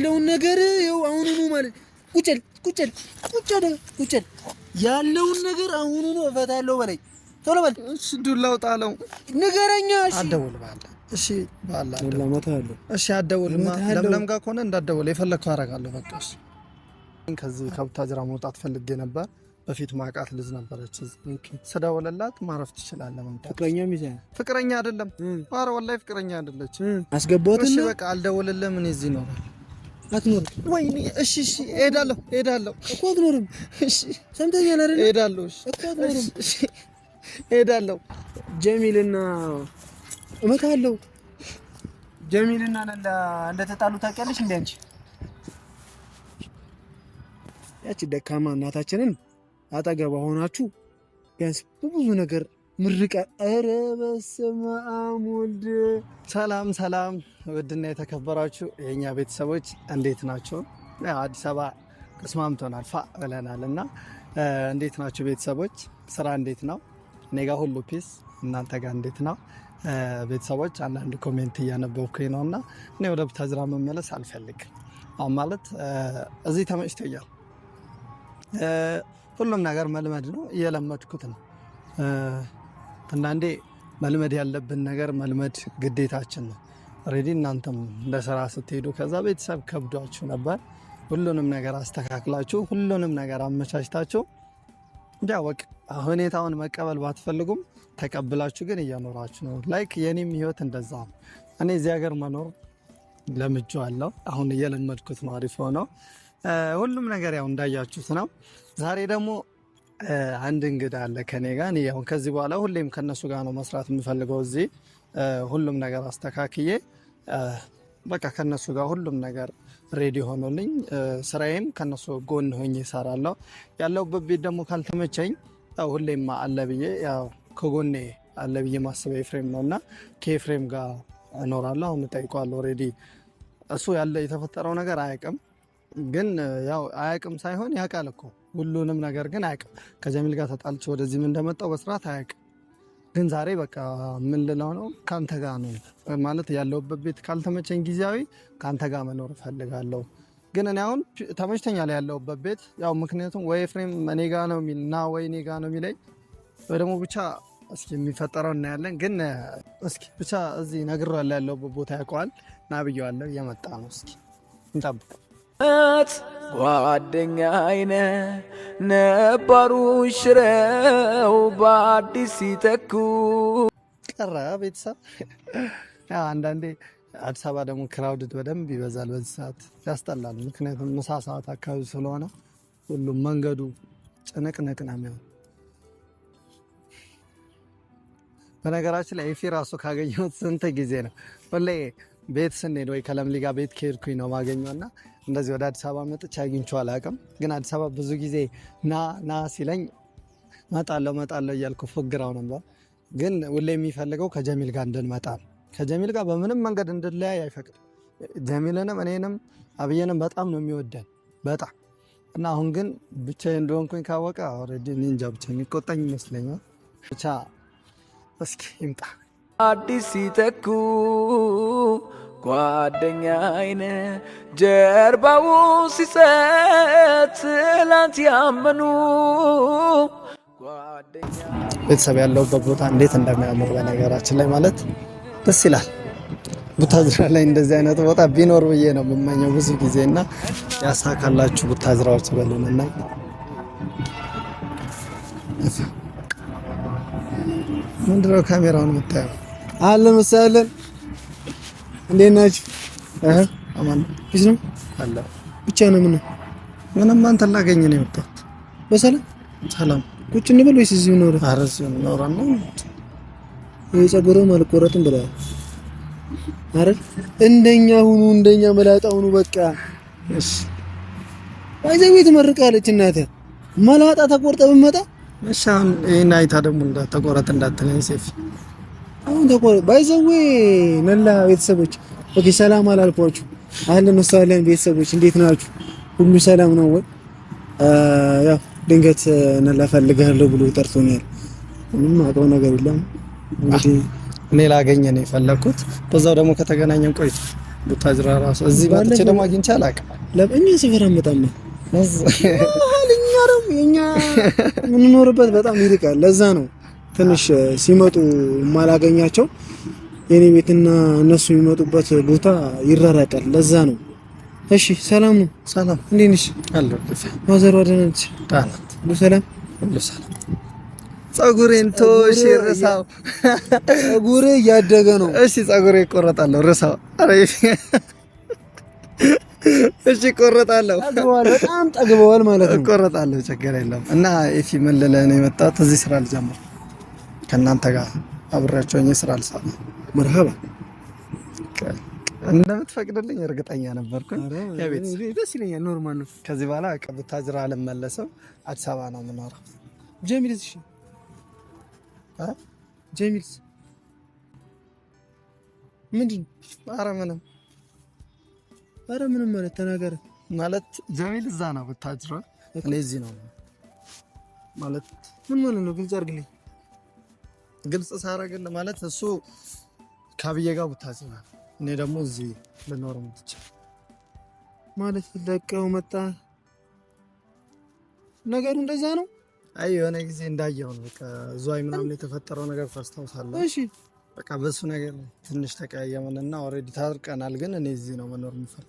ያለውን ነገር ይኸው አሁኑኑ ማለት ቁጭል ቁጭል ቁጭል ቁጭል ያለውን ነገር አሁኑኑ እፈታለሁ በለኝ። ቶሎ በል። እሺ ዱላው ጣለው። ንገረኛ። እሺ አደውል አለ። እሺ ባላ አደውልም። እሺ አደውልም። ለምለም ጋር ከሆነ እንዳደውል የፈለግከው አደርጋለሁ። በቃ እሺ። ከዚህ ከቡታጅራ መውጣት ፈልጌ ነበር። በፊት ማቃት ልጅ ነበረች። ስደውልላት ማረፍ ትችላለህ መምጣት። ፍቅረኛ ሚዜ ፍቅረኛ አይደለም። ኧረ ወላሂ ፍቅረኛ አይደለች። አስገባሁት። እሺ በቃ አልደውልልህም። እኔ እዚህ እኖራለሁ አትኖርም ወይ? እሺ እሺ፣ እሄዳለሁ እሄዳለሁ እኮ አትኖርም። እሺ ሰምተኛል አይደል? እሄዳለሁ እኮ አትኖርም። እሺ እሄዳለሁ። ጀሚልና እመታለሁ። ጀሚልና ለላ እንደተጣሉ ታውቂያለሽ? እንዴ አንቺ ያቺ ደካማ እናታችንን አጠገባ ሆናችሁ ቢያንስ ብዙ ነገር ምርቀ ኧረ በስመ አብ ወልድ። ሰላም ሰላም፣ ውድና የተከበራችሁ የእኛ ቤተሰቦች እንዴት ናቸው? አዲስ አበባ ተስማምቶናል፣ ፋ ብለናል እና እንዴት ናቸው ቤተሰቦች? ስራ እንዴት ነው? እኔ ጋ ሁሉ ፒስ፣ እናንተ ጋር እንዴት ነው ቤተሰቦች? አንዳንድ ኮሜንት እያነበብኩኝ ነው እና እኔ ወደ ቡታጅራ መመለስ አልፈልግም። አሁን ማለት እዚህ ተመችቶኛል። ሁሉም ነገር መልመድ ነው፣ እየለመድኩት ነው አንዳንዴ መልመድ ያለብን ነገር መልመድ ግዴታችን ነው። ሬዲ እናንተም ለስራ ስትሄዱ ከዛ ቤተሰብ ከብዷችሁ ነበር። ሁሉንም ነገር አስተካክላችሁ ሁሉንም ነገር አመቻችታችሁ ያው በቃ ሁኔታውን መቀበል ባትፈልጉም ተቀብላችሁ ግን እየኖራችሁ ነው። ላይክ የኔም ህይወት እንደዛ ነው። እኔ እዚህ ሀገር መኖር ለምጆ አለው። አሁን እየለመድኩት ነው። አሪፍ ሆነው ሁሉም ነገር ያው እንዳያችሁት ነው። ዛሬ ደግሞ አንድ እንግዳ አለ ከኔ ጋር። እኔ አሁን ከዚህ በኋላ ሁሌም ከነሱ ጋር ነው መስራት የምፈልገው። እዚህ ሁሉም ነገር አስተካክዬ በቃ ከነሱ ጋር ሁሉም ነገር ሬዲ ሆኖልኝ ስራዬም ከነሱ ጎን ሆኜ እሰራለሁ። ያለሁበት ቤት ደግሞ ካልተመቸኝ ሁሌም አለ ብዬ ያው ከጎኔ አለ ብዬ ማስበ ኤፍሬም ነው እና ከኤፍሬም ጋር እኖራለሁ። አሁን እጠይቀዋለሁ። ኦልሬዲ እሱ ያለ የተፈጠረው ነገር አያውቅም፣ ግን ያው አያውቅም ሳይሆን ያውቃል እኮ ሁሉንም ነገር ግን አያውቅም። ከጀሚል ጋር ተጣልች ወደዚህም እንደመጣው በስርዓት አያውቅም። ግን ዛሬ በቃ ምን ልለው ነው ከአንተ ጋር ነው ማለት ያለውበት ቤት ካልተመቸኝ ጊዜያዊ ከአንተ ጋር መኖር እፈልጋለሁ። ግን እኔ አሁን ተመችቶኛል ያለውበት ቤት ያው ምክንያቱም ወይ ፍሬም እኔ ጋ ነው የሚል እና ወይ እኔ ጋ ነው የሚለኝ ወይ ደግሞ ብቻ እስኪ የሚፈጠረው እናያለን። ግን እስኪ ብቻ እዚህ ነግሬዋለሁ ያለሁበት ቦታ ያውቀዋል። ና ብዬዋለሁ እየመጣ ነው። እስኪ እንጠብቅ ጓደኛይነ አይነ ነባሩ ሽረው በአዲስ ሲተኩ ቀረ ቤተሰብ አንዳንዴ አዲስ አበባ ደግሞ ክራውድድ በደንብ ይበዛል። በዚህ ሰዓት ያስጠላል። ምክንያቱም ምሳ ሰዓት አካባቢ ስለሆነ ሁሉም መንገዱ ጭንቅንቅ ነው የሚሆን። በነገራችን ላይ ኤፊ ራሱ ካገኘሁት ስንት ጊዜ ነው ሁሌ ቤት ስንሄድ ወይ ከለምሊ ጋር ቤት ከሄድኩኝ ነው ማገኘው እና እንደዚህ ወደ አዲስ አበባ መጥቼ አግኝቼው አላውቅም። ግን አዲስ አበባ ብዙ ጊዜ ና ና ሲለኝ መጣለው መጣለው እያልኩ ፎግራው ነበር። ግን ሁሌ የሚፈልገው ከጀሚል ጋር እንድንመጣ ነው። ከጀሚል ጋር በምንም መንገድ እንድንለያይ አይፈቅድም። ጀሚልንም እኔንም አብዬንም በጣም ነው የሚወደን በጣም እና አሁን ግን ብቻ እንደሆንኩኝ ካወቀ ኦልሬዲ እንጃ ብቻ የሚቆጣኝ ይመስለኛል። ብቻ እስኪ ይምጣ አዲሲተኩ ጓደኛ አይነ ጀርባው ሲሰጥ ትላንት ያመኑ ቤተሰብ ያለውበት ቦታ እንዴት እንደሚያምር በነገራችን ላይ ማለት ደስ ይላል። ቡታዝራ ላይ እንደዚህ አይነት ቦታ ቢኖር ብዬ ነው የምመኘው ብዙ ጊዜ እና ያሳካላችሁ ቡታዝራዎች በሉንና ምንድነው ካሜራውን የምታየው? አለ መሰለን። እንዴት ናችሁ? እህ አማን ቢስ ነው አለ ብቻ ነው። ምን ምንም አንተን ላገኝ ነው የመጣሁት። በሰላም ሰላም ቁጭ እንበል ወይስ እዚህ ነው? ኧረ እዚህ ነው ነው የጸጉርም አልቆረጥም ብለዋል። አረ እንደኛ ሁኑ፣ እንደኛ መላጣ ሁኑ። በቃ እሺ። አይዘው ትመርቃለች እናቴ መላጣ ተቆርጠ ብመጣ እሺ። አሁን ይሄን አይታ ደግሞ እንዳትቆረጥ እንዳትለኝ ሴፍ አሁን ተቆረ ባይዘዌ መላ ቤተሰቦች ኦኬ፣ ሰላም አላልኳችሁ። አለን ወሰለን ቤተሰቦች እንዴት ናችሁ? ሁሉ ሰላም ነው ወይ? ያው ድንገት ነላ ፈልግሃለሁ ብሎ ጠርቶኛል። ምንም አውቀው ነገር የለም እንግዲህ እኔ ላገኘ ነው የፈለኩት። በዛው ደግሞ ከተገናኘን ቆይቶ ቡታጅራ ራሱ እዚህ ባለች ደግሞ አግኝቼ አላውቅም። ለእኛ ስፍራ መጣም እኛ ደግሞ የኛ የምንኖርበት በጣም ይርቃል። ለዛ ነው ትንሽ ሲመጡ የማላገኛቸው የኔ ቤትና እነሱ የሚመጡበት ቦታ ይራራቃል። ለዛ ነው። እሺ፣ ሰላም ነው። ሰላም፣ እንዴት ነሽ? አለሁ። ማዘር ደህና ነች? ሁሉ ሰላም፣ ሁሉ ሰላም። ጸጉሬን ቶሽ ርሳው፣ ጸጉሬ እያደገ ነው። እሺ፣ ጸጉሬ እቆረጣለሁ። ርሳው። አረ እሺ እቆረጣለሁ። በጣም ጠግበዋል ማለት ነው። እቆረጣለሁ፣ ችግር የለም። እና ኤፊ መለለ ነው የመጣሁት እዚህ ስራ ልጀምር ከእናንተ ጋር አብሬያቸው እኔ ስራ አልሰራ መርሃባ እንደምትፈቅድልኝ እርግጠኛ ነበርኩ። ደስ ይለኛል። ኖርማል ነው። ከዚህ በኋላ ቡታጅራ አልመለሰው፣ አዲስ አበባ ነው የምኖረው። ጀሚልስ እሺ፣ ጀሚልስ ምንድን ኧረ ምንም ኧረ ምንም ማለት ተናገረ ማለት ጀሚል እዛ ነው ቡታጅራ፣ እኔ እዚህ ነው ማለት ምን ማለት ነው? ግልጽ አድርግልኝ። ግልጽ ሳረግል ማለት እሱ ካብዬ ጋር ቡታዜማ እኔ ደግሞ እዚህ ልኖር የምትችል ማለት ለቀው መጣ። ነገሩ እንደዛ ነው። አይ የሆነ ጊዜ እንዳየው ነው። በቃ እዚያ ምናምን የተፈጠረው ነገር ታስታውሳለህ? እሺ በቃ በሱ ነገር ትንሽ ተቀያየመን እና ኦልሬዲ ታርቀናል። ግን እኔ እዚህ ነው መኖር የምፈልግ።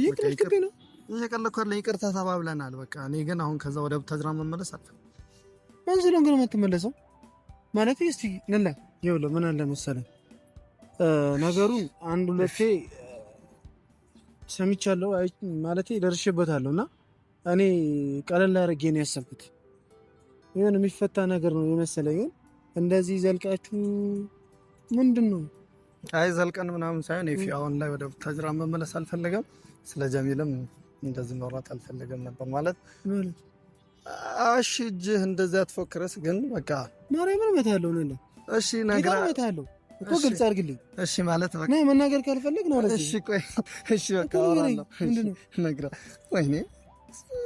እየቀለድክ ይቅርታ ተባብለናል። በቃ እኔ ግን አሁን ከዛ ወደ ቡታዝና መመለስ አለ። ምን ስለሆነ ግን የማትመለሰው ማለት እስቲ ለላ ይኸውልህ፣ ምን አለ መሰለህ ነገሩን አንድ ሁለቴ ሰምቻለሁ፣ ማለት ደርሼበታለሁ። እና እኔ ቀለል አድርጌ ነው ያሰብኩት። ይሁን የሚፈታ ነገር ነው የመሰለኝ። እንደዚህ ዘልቃችሁ ምንድን ነው? አይ ዘልቀን ምናምን ሳይሆን ይፊ አሁን ላይ ወደ ቡታጅራ መመለስ አልፈለገም። ስለ ጀሚልም እንደዚህ መውራት አልፈለገም ነበር ማለት እሺ እጅህ እንደዚህ ትፎክረስ ግን በቃ ማርያምን ያለው ነው እንዴ? እሺ ነገር ያለው እኮ ግልጽ አድርግልኝ። እሺ ማለት በቃ ነው መናገር ካልፈለግ ነው። እሺ ቆይ እሺ በቃ አወራለሁ። ነግራ ወይኔ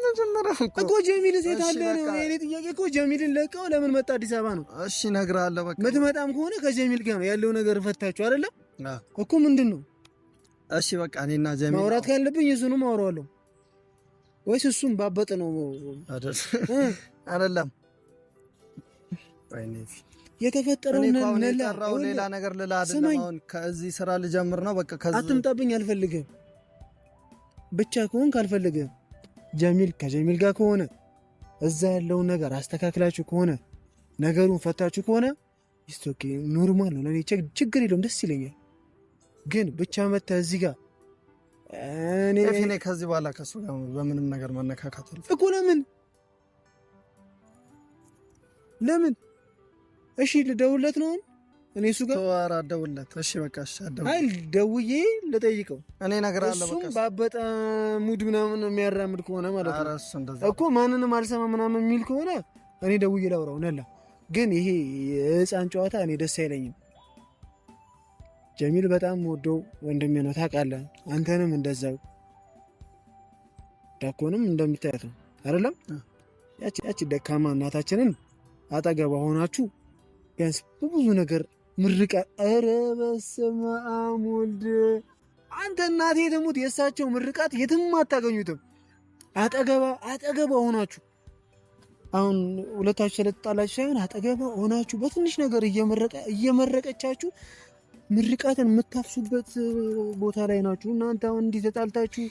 መጀመሪያ እኮ ጀሚል ሴት አለ ነው የኔ ጥያቄ እኮ ጀሚልን ለቀው ለምን መጣ አዲስ አበባ ነው? እሺ እነግርሃለሁ። በቃ የምትመጣም ከሆነ ከጀሚል ጋር ነው ያለው ነገር ፈታችሁ አይደለም እኮ ምንድን ነው? እሺ በቃ እኔና ጀሚል ማውራት ካለብኝ እሱንም አወራዋለሁ። ወይስ እሱም ባበጥ ነው አይደለም? የተፈጠረው ሌላ ነገር ልላ አሁን ከዚህ ስራ ልጀምር ነው። በቃ አትምጣብኝ፣ አልፈልግም። ብቻ ከሆንክ አልፈልግም። ጀሚል ከጀሚል ጋር ከሆነ እዛ ያለውን ነገር አስተካክላችሁ ከሆነ ነገሩን ፈታችሁ ከሆነ ኖርማል ነው፣ ለእኔ ችግር የለውም፣ ደስ ይለኛል። ግን ብቻ መታ እዚህ ጋር እኔ ከዚህ በኋላ ከሱ ጋር በምንም ነገር መነካካት እኮ ለምን ለምን? እሺ ልደውለት ነው እኔ እሱ ጋር ተዋራ ደውለት። እሺ በቃ እሺ አይ ደውዬ ልጠይቀው እኔ ነገር አለ በቃ እሱም ባበጠ ሙድ ምናምን የሚያራምድ ከሆነ ማለት ነው እኮ ማንንም አልሰማ ምናምን የሚል ከሆነ እኔ ደውዬ ላውራው ነላ። ግን ይሄ የህፃን ጨዋታ እኔ ደስ አይለኝም። ጀሚል በጣም ወደው ወንድሜ ነው ታውቃለህ። አንተንም እንደዛው ዳኮንም እንደምታያት ነው አይደለም? ያቺ ያቺ ደካማ እናታችንን አጠገቧ ሆናችሁ ቢያንስ በብዙ ነገር ምርቃ። ኧረ በስመ አብ ወልድ አንተ እናቴ ትሙት፣ የእሳቸው ምርቃት የትም አታገኙትም። አጠገባ አጠገባ ሆናችሁ አሁን ሁለታችሁ ስለተጣላችሁ ሳይሆን አጠገባ ሆናችሁ በትንሽ ነገር እየመረቀቻችሁ ምርቃትን የምታፍሱበት ቦታ ላይ ናችሁ እናንተ። አሁን እንዲህ ተጣልታችሁ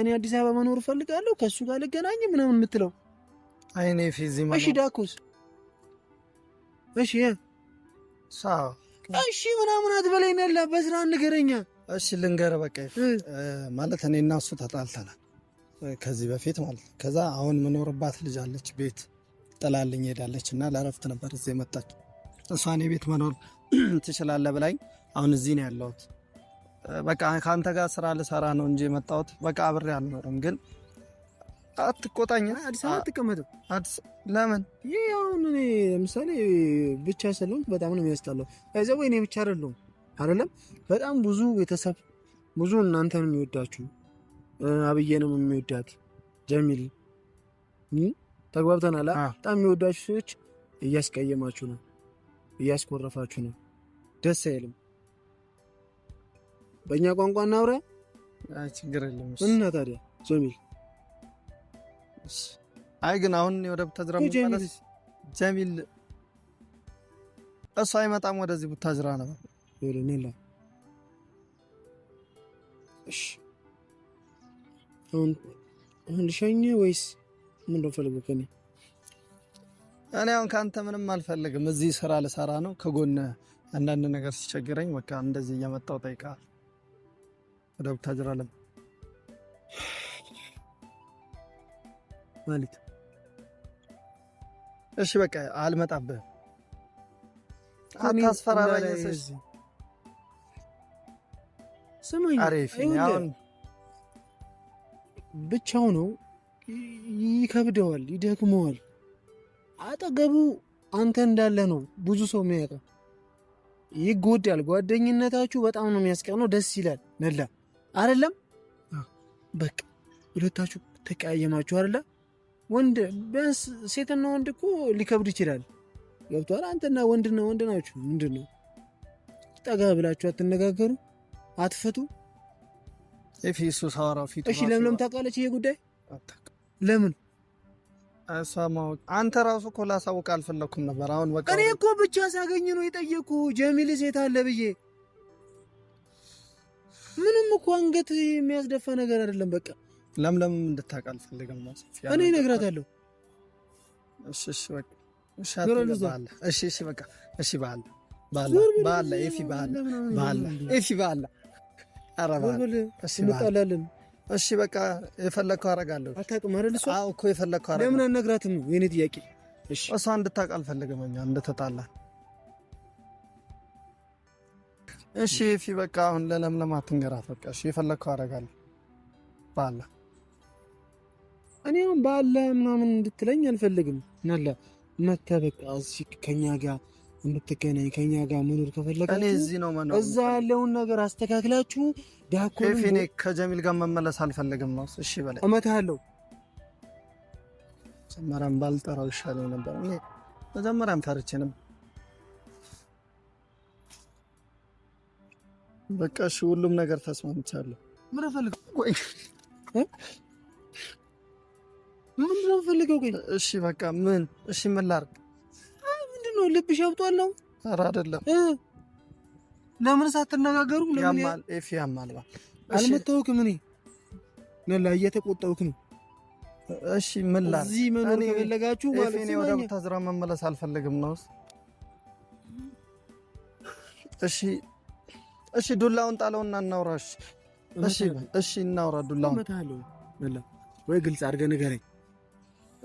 እኔ አዲስ አበባ መኖር እፈልጋለሁ ከእሱ ጋር ልገናኝ ምናምን የምትለው አይኔ ፊዚማ። እሺ ዳኩስ፣ እሺ እሺ ምናምን አትበላይ ነላ በስራ ንገረኛ። እሺ ልንገር በቃ ማለት እኔ እና እሱ ተጣልተናል ከዚህ በፊት ማለት ከዛ አሁን ምኖርባት ልጅ አለች ቤት ጥላልኝ ሄዳለች እና ለረፍት ነበር እዚህ የመጣች እሷ እኔ ቤት መኖር ትችላለህ ብላኝ አሁን እዚህ ነው ያለሁት። በቃ ከአንተ ጋር ስራ ልሰራ ነው እንጂ የመጣሁት በቃ አብሬ አልኖርም። ግን አትቆጣኝ። አዲስ አበባ አትቀመጥም። ለምን? ይህ አሁን እኔ ለምሳሌ ብቻ ስለሆንኩ በጣም ነው የሚያስጠላው። ከዚ ወይ እኔ ብቻ አይደለሁም አይደለም፣ በጣም ብዙ ቤተሰብ ብዙ እናንተን የሚወዳችሁ አብዬንም የሚወዳት ጀሚል ተግባብተናል። በጣም የሚወዳችሁ ሰዎች እያስቀየማችሁ ነው፣ እያስቆረፋችሁ ነው። ደስ አይልም። በእኛ ቋንቋ እናውራ። ችግር የለም። እና ታዲያ ጀሚል አይ ግን አሁን ወደ ቡታጅራ ጀሚል እሱ አይመጣም። ወደዚህ ቡታጅራ ነበር። እሺ አሁን ልሸኝ ወይስ ምን ፈልገው? ከኔ እኔ አሁን ከአንተ ምንም አልፈልግም። እዚህ ስራ ልሰራ ነው። ከጎን አንዳንድ ነገር ሲቸግረኝ በቃ እንደዚህ እያመጣው ጠይቃል ወደ ቡታጅራ ለምን ማለት እሺ፣ በቃ አልመጣብህም። አታስፈራራኝ። ስሙኝ፣ ብቻው ነው፣ ይከብደዋል፣ ይደግመዋል። አጠገቡ አንተ እንዳለ ነው ብዙ ሰው የሚያውቀው። ይጎዳል። ጓደኝነታችሁ በጣም ነው የሚያስቀነው። ደስ ይላል ነላ አይደለም በቃ ሁለታችሁ ተቀያየማችሁ አይደለ? ወንድ ቢያንስ ሴትና ወንድ እኮ ሊከብድ ይችላል። ገብቷል። አንተና ወንድና ወንድ ናችሁ። ምንድን ነው ጠጋ ብላችሁ አትነጋገሩ? አትፈቱ? እሺ ለምለም ታውቃለች ይሄ ጉዳይ ለምን አንተ ራሱ እኮ ላሳውቅ አልፈለኩም ነበር። አሁን በቃ እኔ እኮ ብቻ ሳገኝ ነው የጠየኩ ጀሚል ሴት አለ ብዬ ምንም እኮ አንገት የሚያስደፋ ነገር አይደለም። በቃ ለምለም እንድታውቅ አልፈልግም። እኔ እነግራታለሁ። እሺ እሺ በቃ እሺ እሺ እሺ በቃ እሺ በዓል በዓል በዓል ኤፊ በዓል በዓል ኤፊ በዓል ኧረ በዓል እሺ እንጣላለን። እሺ በቃ የፈለግከው አደርጋለሁ። አታውቅም አይደል? እሷ እኮ የፈለግከው አደርጋለሁ። ለምን አልነግራትም ነው የእኔ ጥያቄ። እሺ እሷ እንድታውቅ አልፈልግም እኛ እንደተጣላን እሺ ኤፊ በቃ አሁን ለለምለም አትንገራት። በቃ እሺ የፈለግከው አደርጋለሁ ባለ እኔ አሁን ባለ ምናምን እንድትለኝ አልፈልግም። ናለ መተህ በቃ እዚህ ከኛ ጋር እንድትገናኝ ከኛ ጋር መኖር እኔ እዚህ ነው መኖር። እዛ ያለውን ነገር አስተካክላችሁ ዳኮ ፊኔ ከጀሚል ጋር መመለስ አልፈልግም ነው። እሺ በላይ እመታለሁ። መጀመሪያም ባልጠራው ይሻለኝ ነበር። እኔ መጀመሪያም ፈርቼ ነበር በቃ እሺ፣ ሁሉም ነገር ተስማምቻለሁ። ምን ፈልገው? ቆይ ምን ነው ፈልገው? ቆይ እሺ፣ በቃ ምን? እሺ፣ ምን ላድርግ? ምንድን ነው ልብሽ ያብጧል ኧረ አይደለም። ለምን ሳትነጋገሩ? ለምን ያማል? ኤፍ ያማል። ባ አልመጣሁክም እኔ ነላ እየተቆጣሁክ ነው። እሺ፣ ምን ላድርግ? እዚህ መኖር ከፈለጋችሁ ማለት ነው። ወደ ቡታዝራ መመለስ አልፈልግም ነውስ? እሺ እሺ ዱላውን ጣለውና እናውራ። እሺ እሺ፣ እናውራ። ዱላውን ወይ ግልጽ አድርገህ ንገረኝ።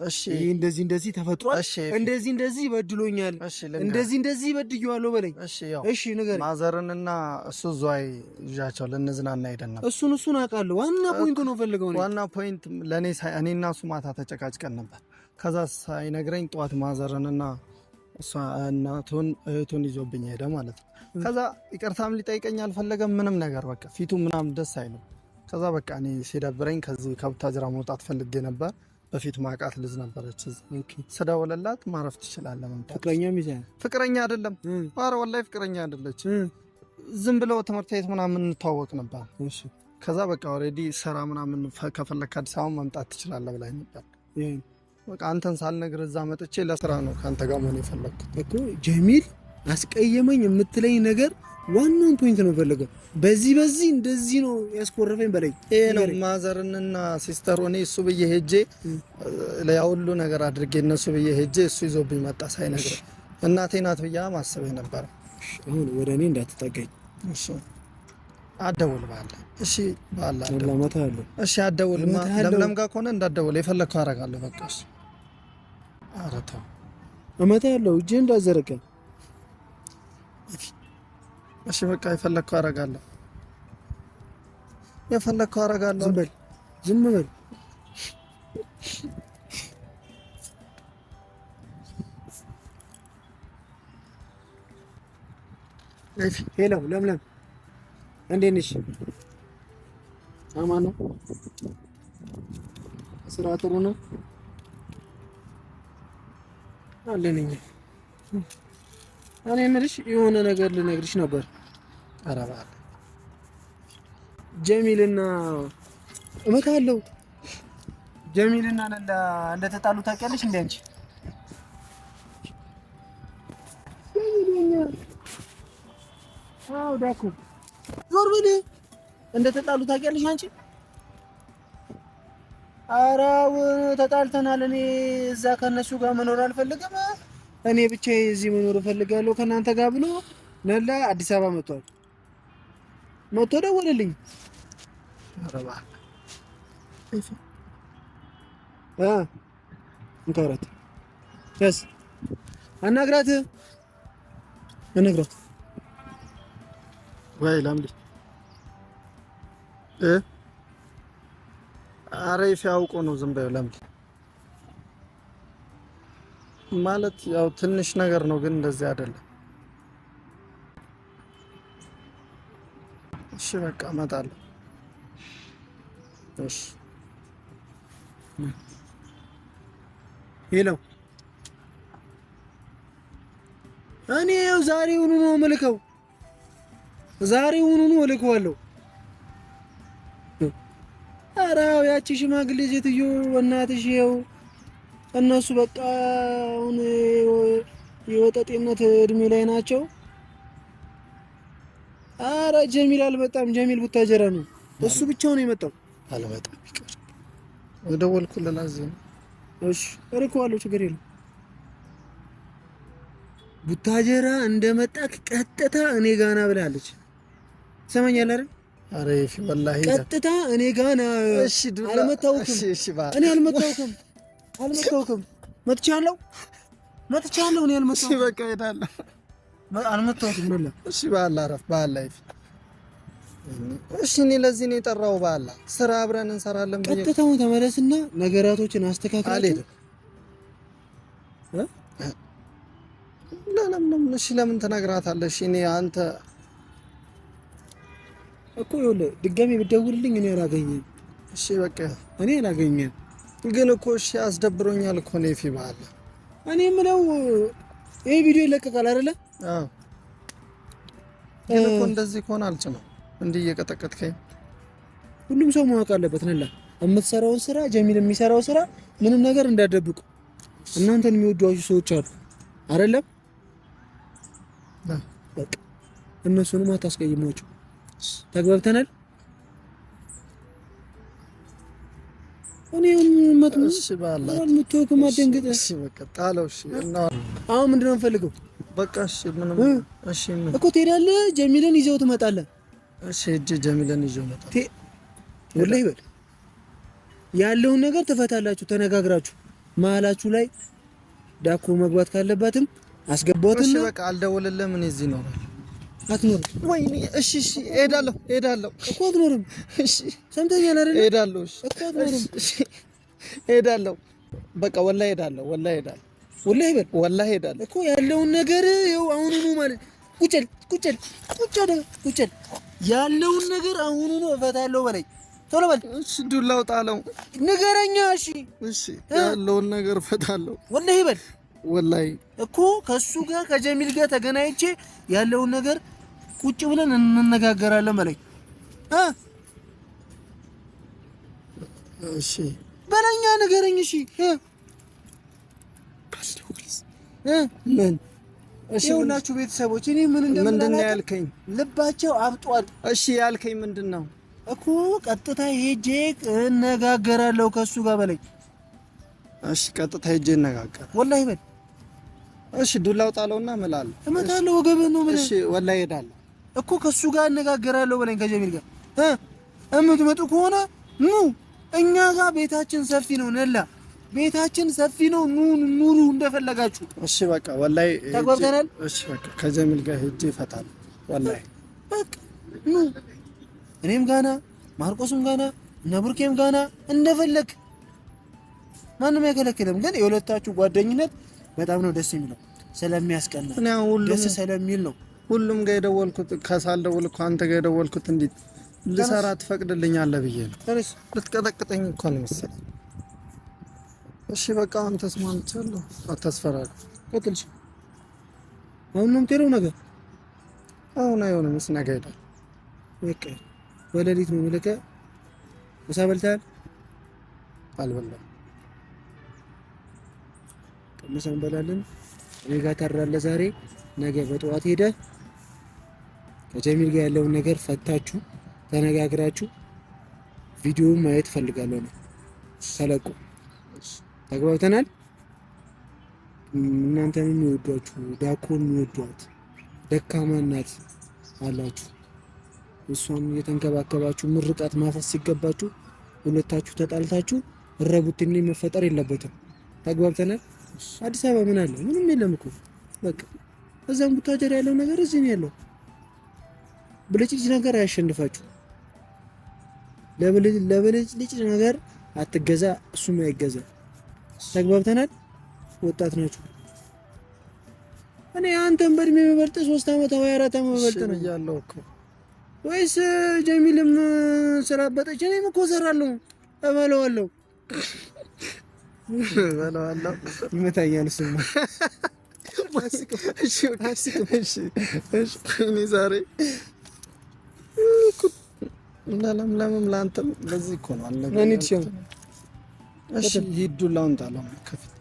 እሺ ይሄ እንደዚህ እንደዚህ ተፈጥሯል፣ እንደዚህ እንደዚህ በድሎኛል፣ እንደዚህ እንደዚህ በድየዋለሁ በለኝ። እሺ ንገረኝ። ማዘርንና እሱ ዟይ ይዣቸው ልንዝናና ሄደን ነበር። እሱን እሱን አውቃለሁ። ዋና ፖይንቱ ነው ፈልገው። ዋና ፖይንት ለእኔ እኔና እሱ ማታ ተጨቃጭቀን ነበር። ከዛ ሳይነግረኝ ጠዋት ማዘርንና እሷ እናቱን እህቱን ይዞብኝ ሄደ ማለት ነው። ከዛ ይቅርታም ሊጠይቀኝ አልፈለገም። ምንም ነገር በቃ ፊቱ ምናምን ደስ አይልም። ከዛ በቃ እኔ ሲደብረኝ ከዚህ ከቡታጅራ መውጣት ፈልጌ ነበር። በፊት ማቃት ልጅ ነበረች። ስደውልላት ማረፍ ትችላለህ መምጣት ፍቅረኛ አይደለም። ኧረ ወላሂ ፍቅረኛ አይደለች። ዝም ብለው ትምህርት ቤት ምናምን እንተዋወቅ ነበር። ከዛ በቃ ኦልሬዲ ስራ ምናምን ከፈለግ አዲስ አበባ መምጣት ትችላለህ ብላኝ ነበር በቃ አንተን ሳልነግር እዛ መጥቼ ለስራ ነው ከአንተ ጋር መሆን የፈለግኩት እኮ ጀሚል አስቀየመኝ የምትለኝ ነገር ዋናውን ፖይንት ነው ፈለገ በዚህ በዚህ እንደዚህ ነው ያስኮረፈኝ በላይ ይሄ ነው ማዘርንና ሲስተር ሆኔ እሱ ብዬ ሄጄ ሁሉ ነገር አድርጌ እነሱ ብዬ ሄጄ እሱ ይዞብኝ መጣ ሳይነግር እናቴ ናት ብያ ማሰብ ነበረ። አሁን ወደ እኔ እንዳትጠገኝ አደውል ባለ እሺ፣ ባለ አደውል። እሺ አደውል። ለምለም ጋር ከሆነ እንዳደውል የፈለግከው አደርጋለሁ በቃ ኧረ ተው እመታ ያለው እጅ እንዳዘረቀ እሺ፣ በቃ የፈለግከው አደርጋለሁ፣ የፈለግከው አደርጋለሁ። ዝም በል ዝም በል ሄሎ ለምለም፣ እንዴት ነሽ? አማን ነው። ስራ ጥሩ ነው። አለኝ። እኔ የምልሽ የሆነ ነገር ልነግርሽ ነበር። ኧረ እባክህ ጀሚልና እመታለሁ። ጀሚልና ለላ እንደተጣሉ ታውቂያለሽ እንዴ አንቺ? አዎ ዳኩ ዞር በል። እንደተጣሉ ታውቂያለሽ አንቺ? ኧረ ተጣልተናል። እኔ እዛ ከነሱ ጋር መኖር አልፈልግም፣ እኔ ብቻ እዚህ መኖር እፈልጋለሁ ከእናንተ ጋር ብሎ ነላ አዲስ አበባ መጥቷል። መጥቶ ደወለልኝ። እንካራት ስ አናግራት አናግራት ወይ ላምዲ አረ ሲያውቁ ነው ዝም ብለው ለምን ማለት ያው ትንሽ ነገር ነው፣ ግን እንደዚህ አይደለም። እሺ በቃ እመጣለሁ። እሺ ሄሎ፣ እኔ ያው ዛሬውኑ ነው እምልከው፣ ዛሬውኑ ነው እልከዋለሁ። ኧረ ያቺ ሽማግሌ ሴትዮ እናትሽ ይኸው እነሱ በቃ አሁን የወጠጤነት እድሜ ላይ ናቸው። አረ ጀሚል አልመጣም። ጀሚል ቡታጀራ ነው። እሱ ብቻውን ነው የመጣው። አልመጣም ይቀር ደወልኩለት። አዘነ። እሺ እልከዋለሁ፣ ችግር የለም። ቡታጀራ እንደመጣ ቀጥታ እኔ ጋና ብላለች። ሰማኛል አይደል ቀጥታ እኔ ጋና እሺ እሺ አልመታውክም። እኔ አልመታውክም አልመታውክም። መጥቻለሁ መጥቻለሁ። እኔ አልመታውክም። በቃ እሄዳለሁ። አልመታውክም። እሺ በዓል አረፍ በዓል ላይፍ እሺ እኔ ለዚህ ነው የጠራው። ባላ ስራ አብረን እንሰራለን። ቀጥታው ተመለስና ነገራቶችን አስተካክላለሁ። ለምን ለምን እሺ ለምን ትነግራታለሽ? እኔ አንተ እኮ ይኸውልህ፣ ድጋሜ ብትደውልልኝ እኔ አላገኘህም። እሺ በቃ እኔ አላገኘህም። ግን እኮ እሺ አስደብሮኛል እኮ ነው። ይፊ ባለ እኔ የምለው ይሄ ቪዲዮ ይለቀቃል አይደለ? አዎ። ግን እኮ እንደዚህ ከሆነ አልጭነው እንዲህ እየቀጠቀጥከኝ። ሁሉም ሰው ማወቅ አለበት ነላ የምትሰራውን ስራ ጀሚል የሚሰራው ስራ ምንም ነገር እንዳደብቁ እናንተን የሚወዷችሁ ሰዎች አሉ አይደለም? በቃ እነሱንም አታስቀይሟቸው። ተግባብተናል። እኔ ምመት አሁን ምንድነው የምፈልገው? በቃ እሺ፣ ምንም እሺ እኮ ትሄዳለህ፣ ጀሚልን ይዘው ትመጣለህ። እሺ እጄ ጀሚልን ይዘው እመጣለሁ። ወላሂ በል ያለውን ነገር ትፈታላችሁ፣ ተነጋግራችሁ መሀላችሁ ላይ ዳኮ መግባት ካለባትም አስገባትና በቃ አልደወለልህም። እኔ እዚህ ነው አትኖርም ወይ? እሺ እሺ፣ እሄዳለሁ እሄዳለሁ እኮ አትኖርም። እሺ ሰምተኛል አይደል? እሄዳለሁ። እሺ እኮ አትኖርም። እሺ እሄዳለሁ። በቃ ወላሂ እሄዳለሁ። ወላሂ እሄዳለሁ። ወላሂ በል ወላሂ እሄዳለሁ እኮ ያለውን ነገር ይኸው አሁኑኑ ማለት ቁጭል ቁጭል ቁጭል ቁጭል ያለውን ነገር አሁኑኑ እፈታለሁ በለኝ። ቶሎ በል እሺ። ዱላ አውጣለሁ። ንገረኛ። እሺ እሺ፣ ያለውን ነገር እፈታለሁ። ወላሂ በል ወላሂ እኮ ከሱ ጋር ከጀሚል ጋር ተገናኝቼ ያለውን ነገር ቁጭ ብለን እንነጋገራለን በላይ እ እሺ በለኛ ንገረኝ። እሺ እ ምን እሺ ሁላችሁ ቤተሰቦች እኔ ምን ምንድን ነው ያልከኝ? ልባቸው አብጧል። እሺ ያልከኝ ምንድን ነው እኮ ቀጥታ ሄጄ እነጋገራለሁ ከሱ ጋር በለኝ። እሺ ቀጥታ ሄጄ እነጋገር ወላሂ በል። እሺ ዱላው ጣለውና እምላለሁ እመታለሁ ወገብህ ነው። እሺ ወላሂ እሄዳለሁ እኮ ከሱ ጋር አነጋገራለሁ በለኝ። ከጀሚል ጋር እምትመጡ ከሆነ ኑ፣ እኛ ጋር ቤታችን ሰፊ ነው። ነላ ቤታችን ሰፊ ነው። ኑ ኑሩ እንደፈለጋችሁ። እሺ በቃ ወላሂ ተጓብተናል። እሺ በቃ ከጀሚል ጋር ሂጅ ይፈታል። ወላሂ በቃ ኑ፣ እኔም ጋና፣ ማርቆስም ጋና፣ እነ ጋና፣ እንደፈለግ ማንም አይከለክልም። ግን የሁለታችሁ ጓደኝነት በጣም ነው ደስ የሚለው ስለሚያስቀና ደስ ስለሚል ነው ሁሉም ጋር የደወልኩት ከሳልደውል እኮ አንተ ጋር የደወልኩት እንዴት ልሰራ ትፈቅድልኛለህ ብዬ ነው። እሺ ልትቀጠቅጠኝ እኮ ነው መሰለኝ። እሺ በቃ አሁን ተስማምቻለሁ። አታስፈራራ። ቀጥልሽ። አሁን ነው የምትሄደው ነገር? አሁን አይሆንም። እስኪ ነገ እሄዳለሁ። በቃ በሌሊት ነው የምልከህ። ምሳ በልተሃል? አልበላም። ቀምሰን እንበላለን። እኔ ተራለ ታድራለህ ዛሬ፣ ነገ በጠዋት ሄደህ ከጀሚል ጋር ያለውን ነገር ፈታችሁ ተነጋግራችሁ ቪዲዮ ማየት ፈልጋለሁ ነው ሰለቁ። ተግባብተናል። እናንተን የሚወዷችሁ ዳኮን የሚወዷት ደካማ እናት አላችሁ። እሷን እየተንከባከባችሁ ምርቃት ማፈስ ሲገባችሁ ሁለታችሁ ተጣልታችሁ እረቡትኔ መፈጠር የለበትም። ተግባብተናል። አዲስ አበባ ምን አለ? ምንም የለም እኮ በቃ እዛም ቡታጀር ያለው ነገር እዚህ ነው ያለው። ብልጭልጭ ነገር አያሸንፋችሁ። ለብልጭልጭ ነገር አትገዛ፣ እሱም አይገዛ። ተግባብተናል። ወጣት ናችሁ። እኔ አንተን በእድሜ የሚበልጥ ሶስት ዓመት ወይ አራት ዓመት የሚበልጥ ነው ያለው እኮ ወይስ ጀሚልም ስላበጠች እኔም እኮ እሰራለሁ እበለዋለሁ በለዋለሁ ይመታኛል። እኔ ዛሬ ለአንተም ለዚህ እኮ ነው አለ። እሺ